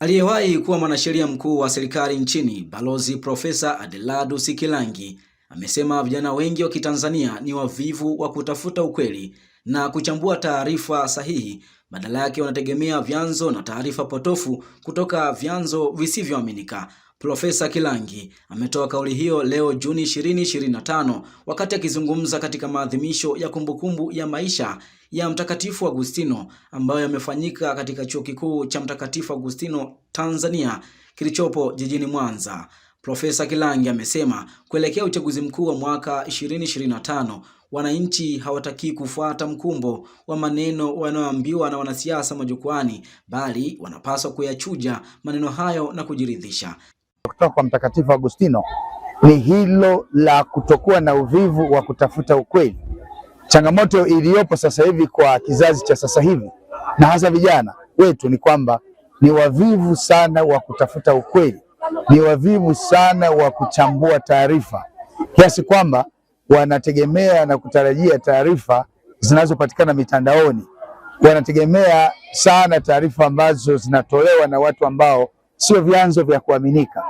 Aliyewahi kuwa mwanasheria mkuu wa serikali nchini Balozi Profesa adeladu sikilangi amesema vijana wengi wa Kitanzania ni wavivu wa kutafuta ukweli na kuchambua taarifa sahihi, badala yake wanategemea vyanzo na taarifa potofu kutoka vyanzo visivyoaminika. Profesa Kilangi ametoa kauli hiyo leo Juni 2025 wakati akizungumza katika maadhimisho ya kumbukumbu ya maisha ya Mtakatifu Agustino ambayo yamefanyika katika Chuo Kikuu cha Mtakatifu Agustino Tanzania kilichopo jijini Mwanza. Profesa Kilangi amesema kuelekea uchaguzi mkuu wa mwaka 2025 wananchi hawataki kufuata mkumbo wa maneno wanayoambiwa na wanasiasa majukwani, bali wanapaswa kuyachuja maneno hayo na kujiridhisha kutoka kwa Mtakatifu Agustino ni hilo la kutokuwa na uvivu wa kutafuta ukweli. Changamoto iliyopo sasa hivi kwa kizazi cha sasa hivi na hasa vijana wetu ni kwamba ni wavivu sana wa kutafuta ukweli, ni wavivu sana wa kuchambua taarifa, kiasi kwamba wanategemea na kutarajia taarifa zinazopatikana mitandaoni, wanategemea sana taarifa ambazo zinatolewa na watu ambao sio vyanzo vya kuaminika.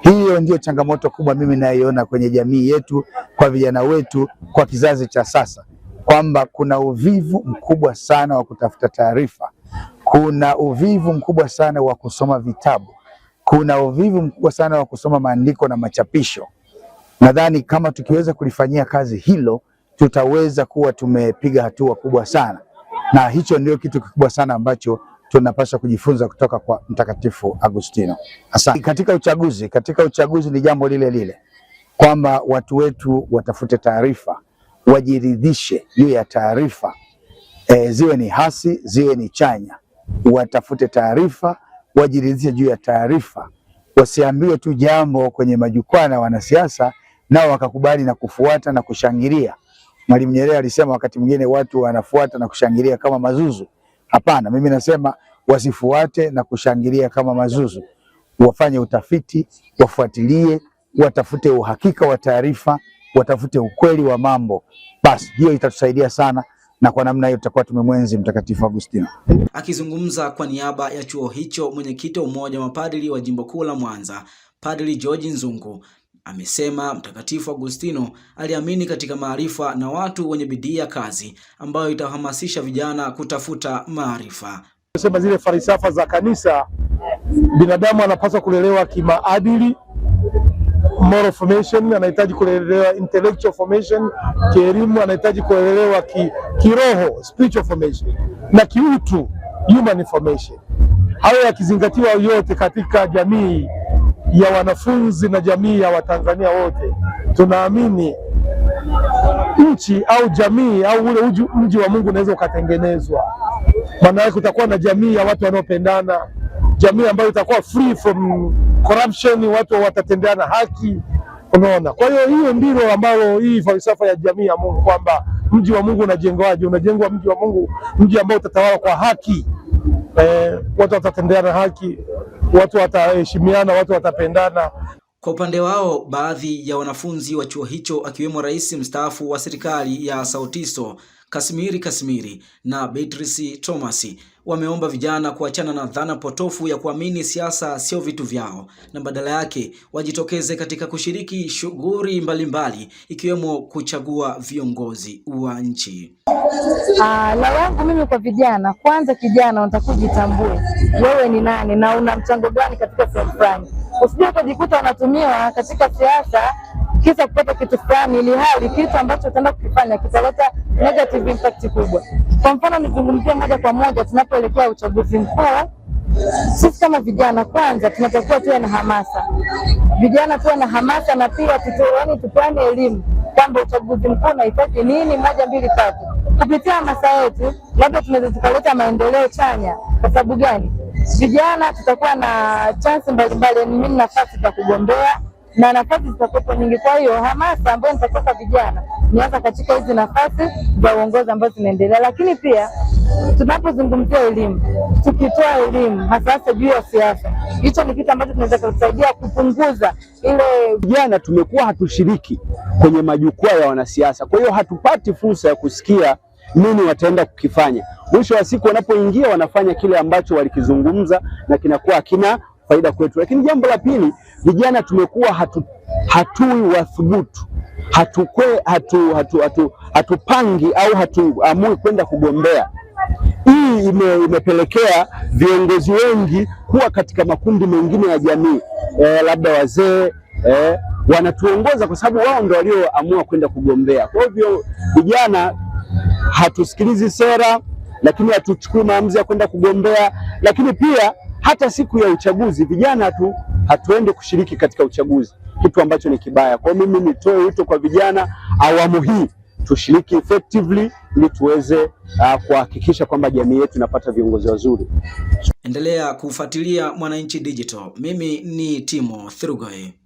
Hiyo ndio changamoto kubwa mimi nayoona kwenye jamii yetu, kwa vijana wetu, kwa kizazi cha sasa, kwamba kuna uvivu mkubwa sana wa kutafuta taarifa, kuna uvivu mkubwa sana wa kusoma vitabu, kuna uvivu mkubwa sana wa kusoma maandiko na machapisho. Nadhani kama tukiweza kulifanyia kazi hilo, tutaweza kuwa tumepiga hatua kubwa sana, na hicho ndio kitu kikubwa sana ambacho tunapaswa kujifunza kutoka kwa Mtakatifu Agustino. Asante. Katika uchaguzi, katika uchaguzi ni jambo lile lile kwamba watu wetu watafute taarifa, wajiridhishe juu ya taarifa e, ziwe ni hasi ziwe ni chanya, watafute taarifa, wajiridhishe juu ya taarifa, wasiambiwe tu jambo kwenye majukwaa na wanasiasa nao wakakubali na kufuata na kushangilia. Mwalimu Nyerere alisema wakati mwingine watu wanafuata na kushangilia kama mazuzu. Hapana, mimi nasema wasifuate na kushangilia kama mazuzu, wafanye utafiti, wafuatilie, watafute uhakika wa taarifa, watafute ukweli wa mambo. Basi hiyo itatusaidia sana na kwa namna hiyo tutakuwa tumemwenzi Mtakatifu Agustino. Akizungumza kwa niaba ya chuo hicho, mwenyekiti wa umoja wa mapadri wa jimbo kuu la Mwanza, Padri George Nzungu amesema Mtakatifu Agustino aliamini katika maarifa na watu wenye bidii ya kazi, ambayo itahamasisha vijana kutafuta maarifa. Sema zile falsafa za kanisa, binadamu anapaswa kulelewa kimaadili, moral formation, anahitaji kulelewa intellectual formation, kielimu, anahitaji kulelewa ki, kiroho spiritual formation, na kiutu human formation. Hayo yakizingatiwa yote katika jamii ya wanafunzi na jamii ya Watanzania wote, tunaamini nchi au jamii au ule mji wa Mungu unaweza ukatengenezwa maana yake utakuwa na jamii ya watu wanaopendana, jamii ambayo itakuwa free from corruption, watu watatendeana haki. Unaona, kwa hiyo hiyo ndilo ambalo hii falsafa ya jamii ya Mungu kwamba mji wa Mungu unajengwaje? Unajengwa mji wa Mungu, mji ambao utatawala kwa haki eh, watu watatendeana haki, watu wataheshimiana, watu watapendana. Kwa upande wao, baadhi ya wanafunzi wa chuo hicho akiwemo rais mstaafu wa serikali ya Sautiso Kasmiri Kasmiri na Beatrice Thomas wameomba vijana kuachana na dhana potofu ya kuamini siasa sio vitu vyao na badala yake wajitokeze katika kushiriki shughuli mbalimbali ikiwemo kuchagua viongozi wa nchi. Ah, la wangu mimi kwa vijana, kwanza kijana unatakiwa kujitambue wewe ni nani na una mchango gani katika sehemu fulani, usije ukajikuta unatumiwa katika siasa kisa kupata kitu fulani, ili hali kitu ambacho utaenda kukifanya kitaleta negative impact kubwa. Kwa mfano, nizungumzie moja kwa moja, tunapoelekea uchaguzi mkuu, sisi kama vijana kwanza tunatakiwa tuwe na hamasa, vijana tuwe na hamasa na pia tutoani, tupeane elimu kwamba uchaguzi mkuu unahitaji nini, moja mbili tatu. Kupitia hamasa yetu, labda tunaweza tukaleta maendeleo chanya. Kwa sababu gani? Vijana tutakuwa na chansi mbalimbali, yaani mimi nafasi za kugombea na nafasi zitakuwa nyingi. Kwa hiyo hamasa ambayo nitatoka vijana ni hasa katika hizi nafasi za uongozi ambazo zinaendelea, lakini pia tunapozungumzia elimu, tukitoa elimu hasa hasa juu ya siasa, hicho ni kitu ambacho tunaweza kusaidia kupunguza ile. Vijana tumekuwa hatushiriki kwenye majukwaa ya wanasiasa, kwa hiyo hatupati fursa ya kusikia nini wataenda kukifanya. Mwisho wa siku, wanapoingia wanafanya kile ambacho walikizungumza na kinakuwa hakina faida kwetu. Lakini jambo la pili, vijana tumekuwa hatu, hatui wathubutu hatukwe hatu, hatu, hatu, hatupangi au hatuamui kwenda kugombea. Hii ime, imepelekea viongozi wengi kuwa katika makundi mengine ya jamii e, labda wazee e, wanatuongoza kwa sababu wao ndio walioamua kwenda kugombea. Kwa hivyo vijana hatusikilizi sera, lakini hatuchukui maamuzi ya kwenda kugombea, lakini pia hata siku ya uchaguzi vijana tu hatuende kushiriki katika uchaguzi, kitu ambacho ni kibaya. Kwa mimi nitoe wito kwa vijana awamu hii tushiriki effectively ili tuweze uh, kuhakikisha kwamba jamii yetu inapata viongozi wazuri. Endelea kufuatilia Mwananchi Digital. Mimi ni Timo Thrugoi.